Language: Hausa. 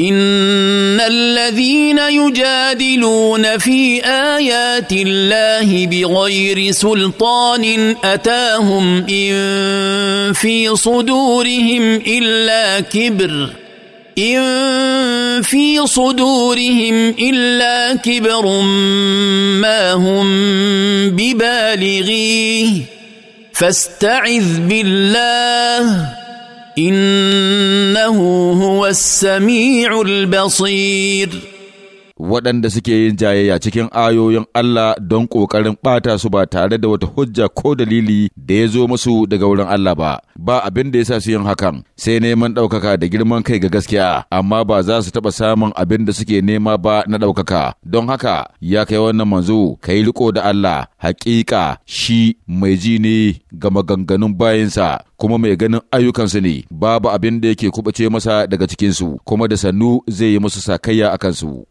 ان الذين يجادلون في ايات الله بغير سلطان اتاهم ان في صدورهم الا كبر ان في صدورهم الا كبر ما هم ببالغيه فاستعذ بالله انه هو السميع البصير waɗanda suke yin jayayya cikin ayoyin Allah don ƙoƙarin ɓata su ba tare da wata hujja ko dalili da ya zo musu daga wurin Allah ba, ba abin da ya sa su yin hakan sai neman ɗaukaka da girman kai ga gaskiya, amma ba za su taɓa samun abin da suke nema ba na ɗaukaka. Don haka ya kai wannan manzo ka yi riko da Allah, haƙiƙa shi mai ji ne ga maganganun bayansa kuma mai ganin ayyukansu ne babu abin da yake kubace masa daga cikinsu kuma da sannu zai yi musu sakayya a kansu.